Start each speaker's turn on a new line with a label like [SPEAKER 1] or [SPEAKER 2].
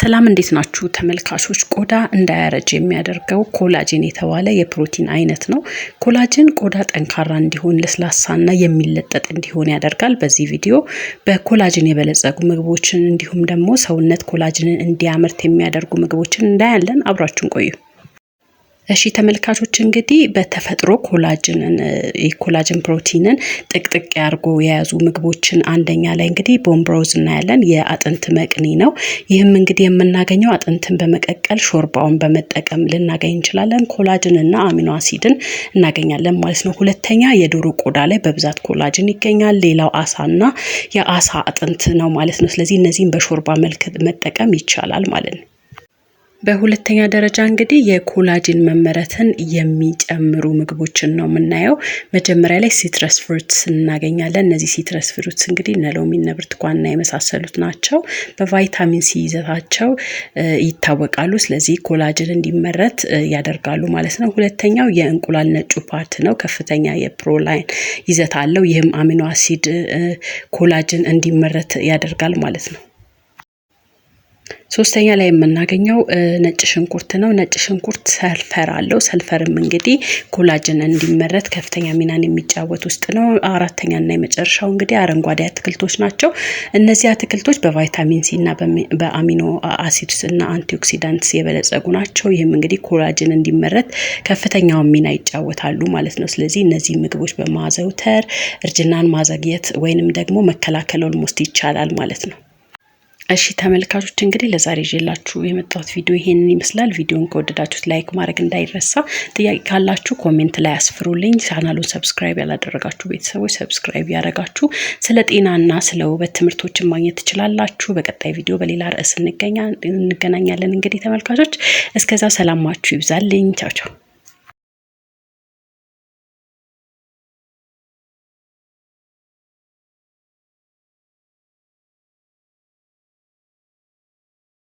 [SPEAKER 1] ሰላም እንዴት ናችሁ ተመልካቾች? ቆዳ እንዳያረጅ የሚያደርገው ኮላጅን የተባለ የፕሮቲን አይነት ነው። ኮላጅን ቆዳ ጠንካራ እንዲሆን፣ ለስላሳና የሚለጠጥ እንዲሆን ያደርጋል። በዚህ ቪዲዮ በኮላጅን የበለጸጉ ምግቦችን እንዲሁም ደግሞ ሰውነት ኮላጅንን እንዲያመርት የሚያደርጉ ምግቦችን እንዳያለን። አብራችሁን ቆዩ። እሺ ተመልካቾች እንግዲህ በተፈጥሮ ኮላጅንን የኮላጅን ፕሮቲንን ጥቅጥቅ ያርጎ የያዙ ምግቦችን አንደኛ ላይ እንግዲህ ቦምብሮዝ እናያለን። የአጥንት መቅኒ ነው። ይህም እንግዲህ የምናገኘው አጥንትን በመቀቀል ሾርባውን በመጠቀም ልናገኝ እንችላለን። ኮላጅን እና አሚኖ አሲድን እናገኛለን ማለት ነው። ሁለተኛ የዶሮ ቆዳ ላይ በብዛት ኮላጅን ይገኛል። ሌላው አሳና የአሳ አጥንት ነው ማለት ነው። ስለዚህ እነዚህን በሾርባ መልክ መጠቀም ይቻላል ማለት ነው። በሁለተኛ ደረጃ እንግዲህ የኮላጅን መመረትን የሚጨምሩ ምግቦችን ነው የምናየው። መጀመሪያ ላይ ሲትረስ ፍሩትስ እናገኛለን። እነዚህ ሲትረስ ፍሩትስ እንግዲህ እነ ሎሚ፣ እነ ብርቱካንና የመሳሰሉት ናቸው። በቫይታሚን ሲ ይዘታቸው ይታወቃሉ። ስለዚህ ኮላጅን እንዲመረት ያደርጋሉ ማለት ነው። ሁለተኛው የእንቁላል ነጩ ፓርት ነው። ከፍተኛ የፕሮላይን ይዘት አለው። ይህም አሚኖ አሲድ ኮላጅን እንዲመረት ያደርጋል ማለት ነው። ሶስተኛ ላይ የምናገኘው ነጭ ሽንኩርት ነው። ነጭ ሽንኩርት ሰልፈር አለው። ሰልፈርም እንግዲህ ኮላጅን እንዲመረት ከፍተኛ ሚናን የሚጫወት ውስጥ ነው። አራተኛና የመጨረሻው እንግዲህ አረንጓዴ አትክልቶች ናቸው። እነዚህ አትክልቶች በቫይታሚን ሲ እና በአሚኖ አሲድስ እና አንቲኦክሲዳንትስ የበለጸጉ ናቸው። ይህም እንግዲህ ኮላጅን እንዲመረት ከፍተኛውን ሚና ይጫወታሉ ማለት ነው። ስለዚህ እነዚህ ምግቦች በማዘውተር እርጅናን ማዘግየት ወይንም ደግሞ መከላከል ኦልሞስት ይቻላል ማለት ነው። እሺ ተመልካቾች እንግዲህ ለዛሬ ይዤላችሁ የመጣሁት ቪዲዮ ይሄንን ይመስላል። ቪዲዮን ከወደዳችሁት ላይክ ማድረግ እንዳይረሳ። ጥያቄ ካላችሁ ኮሜንት ላይ አስፍሩልኝ። ቻናሉን ሰብስክራይብ ያላደረጋችሁ ቤተሰቦች ሰብስክራይብ ያደረጋችሁ፣ ስለ ጤናና ስለ ውበት ትምህርቶችን ማግኘት ትችላላችሁ። በቀጣይ ቪዲዮ በሌላ ርዕስ እንገናኛለን። እንግዲህ ተመልካቾች እስከዛ ሰላማችሁ ይብዛልኝ። ቻው ቻው።